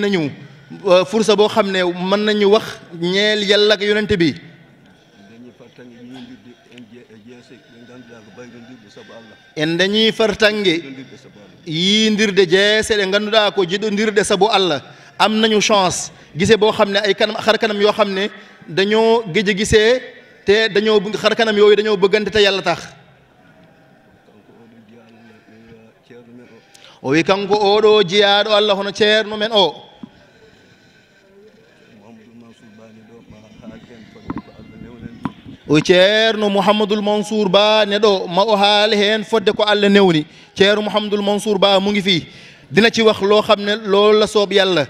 nañu fursa bo xamne man nañu wax ñeel yalla ak yonent bi en dañi de yindirde le ngandu da ko de sabu allah am nañu chance gise bo xam ay kanam xar kanam yo xam ne dañoo gisee te dañoo xar kanam yooyu dañoo bëggante te yalla tax o wi kanko do jeyaaɗo allah hono ceerno men o ceerno mouhamadoul mansour ba neɗo ma o haali heen fodde ko allah newni ceerno mouhamadoul mansour ba mu ngi fii dina ci wax loo xam ne loolu la soob yàlla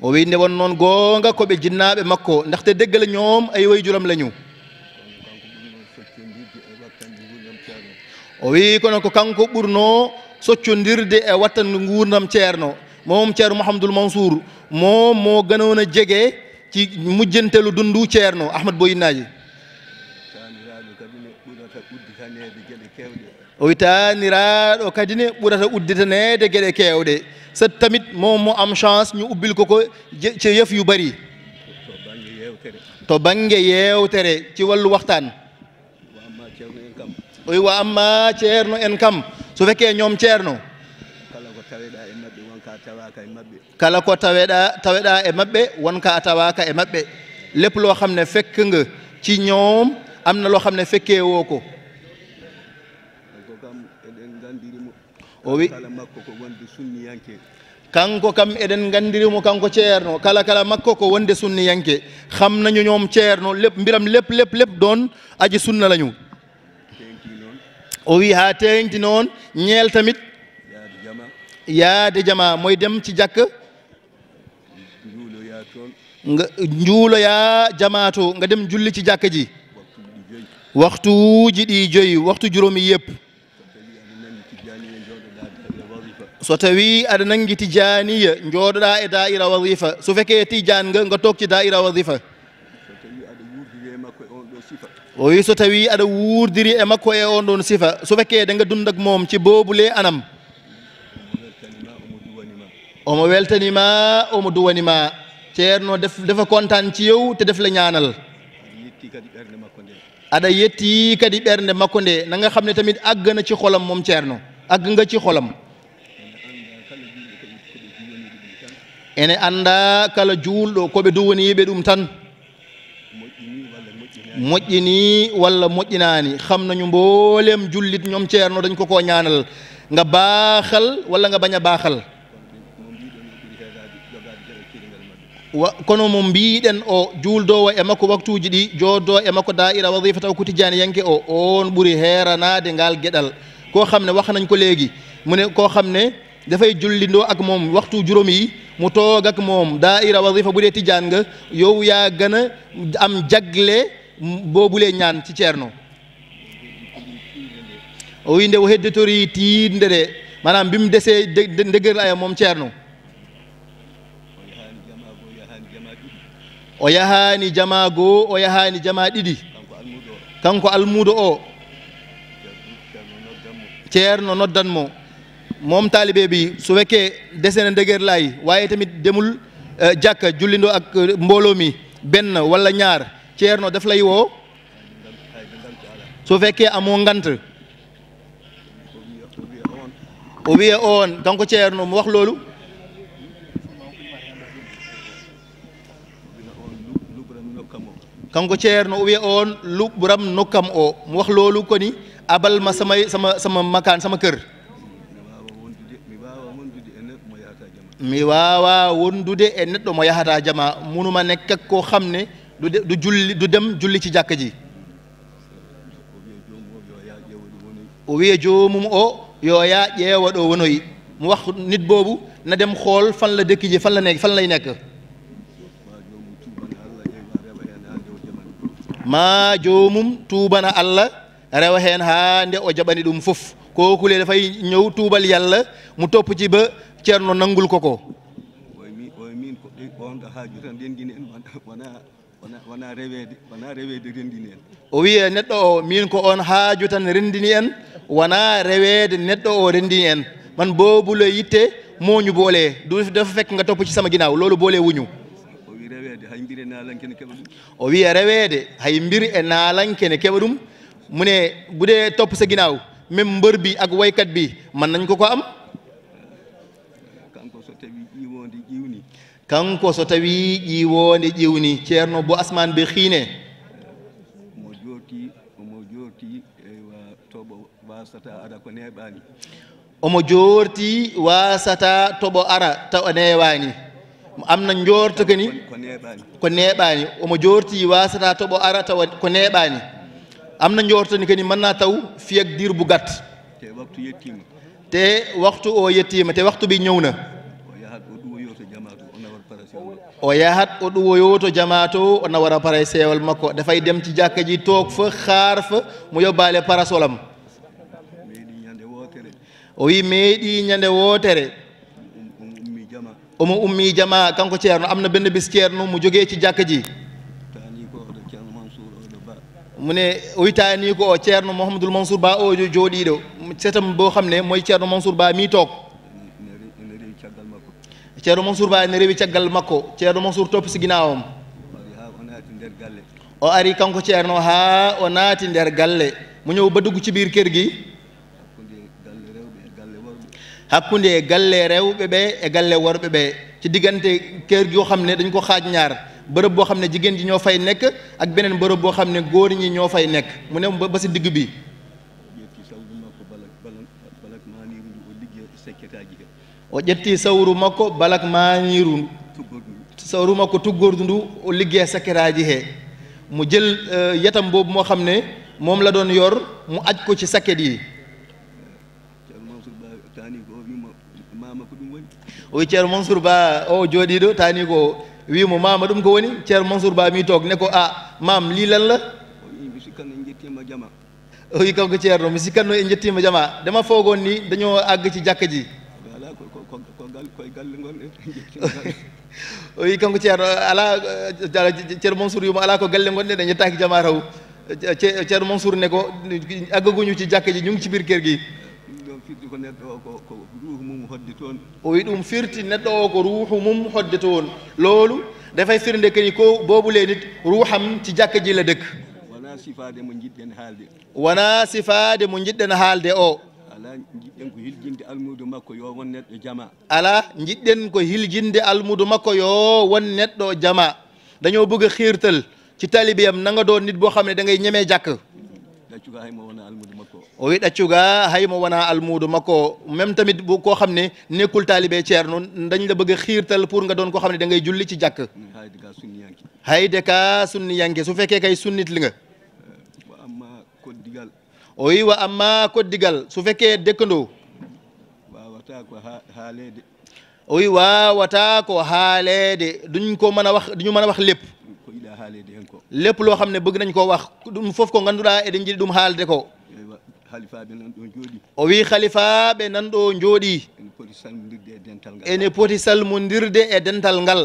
o wi ne won noon goonga ko ɓe jinnaaɓe makko ndaxte dégg la ñoom ay way juram la ñu o wi kono ko kanko ɓurnoo soccondirde e wattan nguurndam ceerno moom ceerno mouhamadoul mansour moom moo gënoon a jegee ci mujjantelu dundu ceerno ahmad boyi naaji o witaaniraaɗo kadi ne ɓurata udditaneede geɗe keewɗe so tamit momo am chance ñu ubbil koko ce yef yu bari to bange yewtere ci wallu waxtaan o wi wa amma ceerno en kam so fekkee ñoom ceerno E kala ko taweɗa taweɗa e maɓɓe wonka a tawaka e maɓɓe lépp loo xam ne fekkngu ci ñoom am na loo xam ne fekke woo ko o wi kanko kam eɗen nganndirimo kanko ceerno kala kala makko ko wonde sunniyanke xam nañu ñoom ceerno lépp mbiram lépp lépp lépp doon aji sunna la ñu o wi haa teeñti noon ñeel tamit ya di jama moy dem ci jakk nga njuulo yaa jamaatu nga dem julli ci jakk ji waxtu ji di joyi waxtu juromi yep. so tawi ada nangi tijaniya jooɗoɗa e daira wazifa so fekke tijan nga nga tok ci daira wazifa o so tawi ada wurdiri e makko e on don sifa so fekke da nga dundak mom ci bobule anam omo weltanima omo cierno def dafa kontan ci yow te def la ñaanal ada yetti kadi ɓernde makko nde na nga xamne tamit agna na ci xolam mom cierno ag nga ci xolam ene anda kala be duwani be dum tan moƴƴini walla moƴƴinaani xamnañu mbollem julit ñom cierno dañ ko ko ñaanal nga baaxal wala nga baña baaxal kono mo mbiɗen o juuldowo e makko waktuji ɗi jooddo e makko daira wadifa taw kutidiani yanke o on ɓuuri heranade ngal gueɗal ko xamne waxnañ ko leegui mune ko xamne defay jullindo ak mom waxtu juroom yi mu toogak mom daira wadifa ɓuure tidiane nga yow ya gana am jagle bobule ñaan ci ceerno o winde o heddotori tiidde de manam bim dese ndegeral aya mom ceerno o yahani jama goo o yahani jama ɗiɗi kanko almudo o ceerno noddanmo mom talibé bi su fekke desene ndeger lay waye tamit demul eh, jakka julindo ak eh, mbolo mi ben wala ñaar ceerno daf lay wo su fekke amo ngant o on kanko ceerno mu wax lolu kanko ceerno o wiya on lu ɓuram nokkam o mi wax loolu koni abal ma samay sama sama makan sama kër mi wawa wondude e neɗɗo mo yahata jama munuma nekk ko xam ne du julli du dem julli ci jàkk ji o wiya joomum o yo yaa ƴeewa ɗo wonoyi mi wax nit boobu na dem xool fan la dëkk ji fan la ne fan lay nekk ma jomum tubana allah rewa hen ha nde o jaɓani ɗum foof ko kulele fayi ñaw tubal yalla mo topp ci ba ceerno nangul koko o wiye neɗɗo o min ko on haaju tan rendini en wona rewede neɗɗo o rendini en man boobule yitte moñu boole dudefa fekk nga topp ci sama ginaaw loolu boole wuñu o wiya rewede hay mbir e naalankene keɓa ɗum mune ɓude topp seginaw min mbor bi ak waykat bi man nañ ko ko am kanko so tawi ƴiwonde ƴiwni ceerno bo asmane be xiine omo joorti wasata toɓo ara tawa newani am na njoorto ko ni ko neɓani omo jorti wasata toɓo ara tawa ko neɓani am na njoorto ni kadi manna taw fiyak dirbu gat te waktu o yettima te waktu ɓe ñawna o yahat o ɗuwoyo to jamato o nawara paray sewal makko defay dem ci jakka ji took fa xaar fa mu yobbale parasolam o wi meeɗi ñande wotere omo ummi jama kanko ceerno am na benn bis ceerno mu jogee ci jàkk ji mu ne oytaa nii ko o ceerno mohamadoul mansour ba oo jooɗii ɗo setam boo xam ne mooy ceerno mansour ba mii toog ceerno mansour ba ne rewi caggal makko ceerno mansour topp si ginnaawam o ari kanko ceerno haa o naati nder galle mu ñëw ba dugg ci biir kër gi hakkunde e galle rewɓe e galle worɓe ɓe ci diggante kër goo xam ne dañ ko xaaj ñaar bërëb boo xam ne jigéen ji ñoo fay nekk ak beneen bërëb boo xam ne góor ñi ñoo fay nekk mu ne ba si digg bi o ƴetti sawru makko balak maniru sawru makko tuggordu ndu o liggéey sakiraji he mu jël euh, yetam boobu moo xam ne moom la doon yor mu aj ko ci saket yi o wi ceerno mansour ba o jooɗiɗo tani ko wiimo mama ɗum ko woni ceerno mansour ba mi toog ne ko a ah, mam li lan la o wi kanko ceerno mi sikkanno e jettima jama dema fogon ni dañoo àgg ci jakka ji o wi kanko ceerno ala ceerno mansour wiimo ala ko galle gonɗe ɗe jettaki jama taw ceerno mansour ne ko aggaguñu ci jakka ji ñu ngi ci biir kër gi ko ko hodde toon o wii ɗum firti neɗɗo o ko ruuhu mum hodde toon loolu defay firnde kadi ko boobule nit ruuham ci jakka jilla dëkk wona sifaade mo jiɗɗen haalde wona sifaade mo jiɗɗen haalde o ala jiɗɗen ko hiljinde almudu makko yo won neɗɗo jama ala jiɗɗen ko hiljinde almudu makko yo won neɗɗo jama dañoo bëgg xiirtal ci talibiyam nanga doon nit boo xam ne da ngay ñemee jakk o wi ɗaccuga haymo wona almuudu makko même tamit bu koo xam ne nekkul taalibe ceerno dañ la bëgg a xiirtal pour nga doon koo xam ne da ngay julli ci jàkk hayde ka sunni yanke su Sunni kay sunnit li nga o wi wa amma koddigal su fekkee dëkkandoo o wi waawata ko haaleede duñ ko mën a wax duñu mën mana wax lépp lépp loo xam ne bëgg nañ koo wax ɗum foof ko ngannduɗaa eɗen jiɗi ɗum haalde ko o wii xalifa ɓe nan ɗo njooɗii ene poti salmodirde e, e dental ngal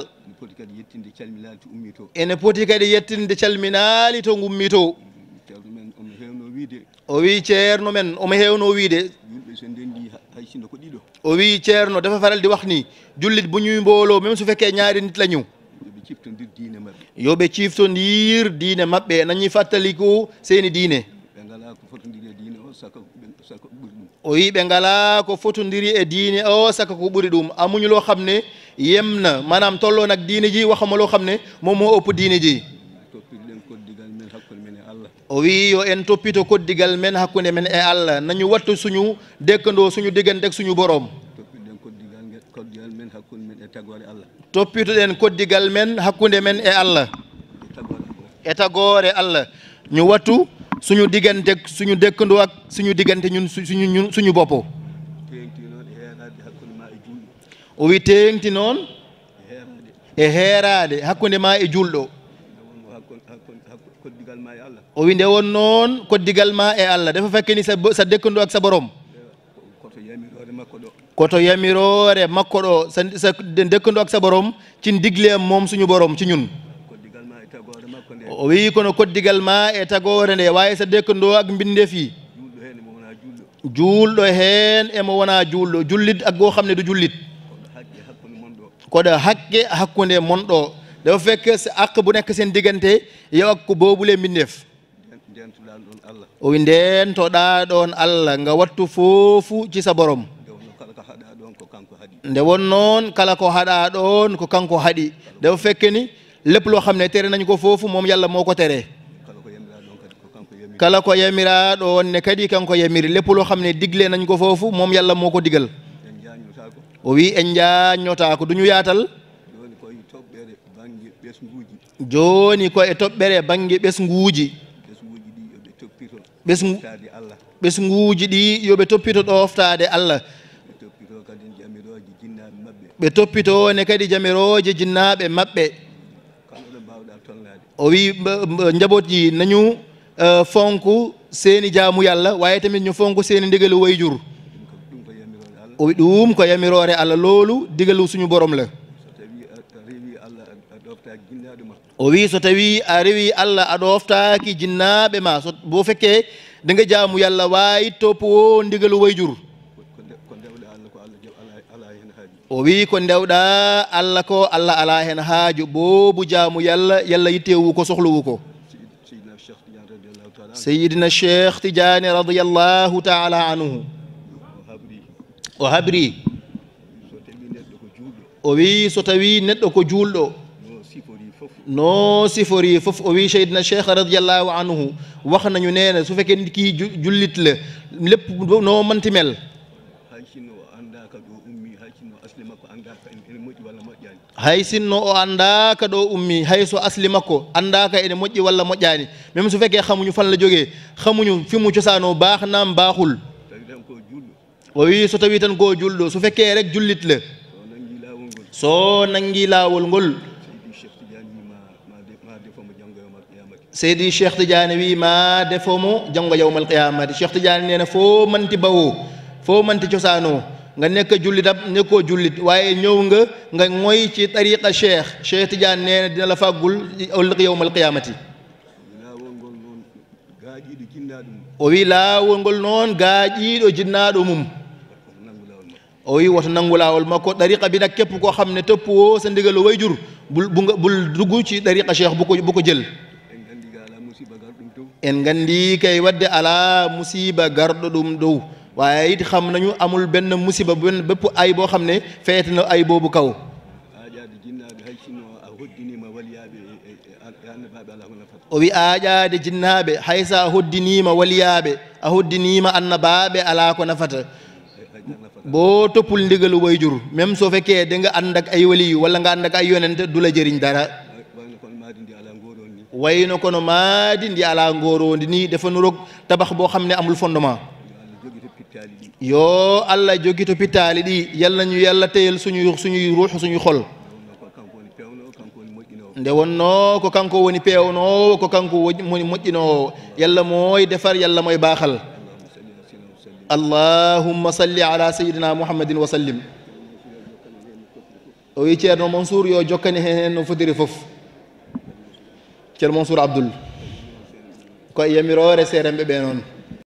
ene poti kadi yettinde calminaali to ngummii to mm, o wii ceerno men omo heewno wiide o wii ceerno dafa faral di wax ni jullit bu ñuy mboolo même su fekkee ñaari nit la ñu yoɓe ciftodir diine maɓɓe nañi fattaliku seeni diine o wi ɓe ngala ko fotodiri e diine o saka ko ɓuri ɗum e amuñu loo xam yemna manam tolo nak diine ji waxama loo xam ne moom moo diine ji e o wi yo en toppito koddigal men hakkunde men e allah nañu wattu suñu dekkandoo suñu diggante ak suñu borom koddigal men hakkunde men e tagore allah toppitoɗen koddigal men hakkunde men e allah e tagore allah ñu wattu suñu diggante suñu dëkkandoo ak suñu diggante ñun suñu ñun suñu boppo o wi dema noon e heeraade hakkunde ma e julɗo o wi nde won koddigal ma e allah dafa fakkeni sa dëkkandoo ak sa borom koto yamirore makko ɗo dekkudu ak sa borom ci ndigleem moom suñu borom ci ñun wi kono koddigal ma e tagore ne wawi sa dekkudu ak mbindeef yi juulɗo heen emo wona juulɗo jullit ak goo xam ne du jullit hakke hakunde mondo, dafa fekk ak bu nekk seen diggante yow ak o wi ndentoɗa ɗon allah nga wattu foofu ci sa borom nde won noon kala ko haɗa ɗon ko kanko haɗi nde o fekke ni lépp loo xam ne tere nañ ko foof moom yallah moo ko tere kala ko yamira ɗon ne kadi kanko yamiri lépp loo xam ne digle nañ ko foofu moom yallah moo ko digal o wi en jañota ko du ñu yaatal jooni ko e toɓɓere bangue ɓesnguuji ɓesnguuji ɗi yoɓe toppito ɗooftade allah ɓe toppito ne kadi jamirooje jinnaaɓe maɓɓe o wii njaboti nañu e, fonku seeni jaamuyallah wayata min ñu fonku seeni ndigalu wayjur o wi ɗum ko yamiroore allah loolu digalu suñu borom la o wii so tawi a rewi allah aɗo oftaaki jinnaaɓe ma so bo fekke ndinga jaamu yallah waawi toppo o ndigalu wayjur o wi ko ndewɗa allah ko allah ala hen haaju boobu jaamu yalla yalla yittewu ko sohluwu ko seyidina cheikh tidiane radiallahu taala anhu o habri o wi so tawi neɗɗo ko juulɗo no sifori fof o wi seydina cheikh radiallahu anhu wax nañu neene su fekkee nit kii jullit la lépp noo manti mel hay sinno o anndaaka ɗo ummi hay so asli makko anndaaka ene moƴƴi walla moƴƴaani même so fekkee xamuñu fan la jogee xamuñu fi mu cosaano baax naam baaxul o wi so tawii tan koo julɗo so fekkee rek jullit la soo nanngii laawol ngol seydi cheikh tidiane wi ma defo mo janngo yawmal qiyamati cheikh tidiane neene foo manti bawoo foo manti cosaanoo nga nek julit ab ko julit waye ñew nga nga moy ci tariqa sheikh sheikh tidiane neena dina la fagul ulq yawmal qiyamati o wi non gaaji do jinnaado mum o wi wat nangulaawol mako tariqa bi nak kep ko xamne tepp wo sa ndigal wayjur jur bul bul ci tariqa sheikh bu ko bu ko jël en gandi kay wadde ala musiba gardo dum dow waaye it xam nañu amul benn musiba benn bépp ay boo xam ne feet na ay boobu kaw o wi aaƴaade jinnaaɓe hay so a hoddiniima waliyaaɓe a hoddiniima annabaaɓe alaa ko nafata boo toppul ndigalu wayjur même soo fekkee da nga ànd ak ay waliyu walla nga ànd ak ay yonent du la jëriñ dara way no kono maadi ndi alaa ngooroondi nii dafa nu roog tabax boo xam ne amul fondement yoo allah jogi to pitaali ɗi yalla ñu yalla teyel suñu suñuy ruux suñu xol nde wonno ko kanko woni peewnowo ko kanko woni moƴƴinowo yalla mooy defar yalla mooy baaxal allahumma salli ala sayidina muhammadin wa sallim o wi ceerno mansour yo jokkani hen hen no fotiri fof ceerno mansour abdoul ko e yamirore seeremɓe ɓe noon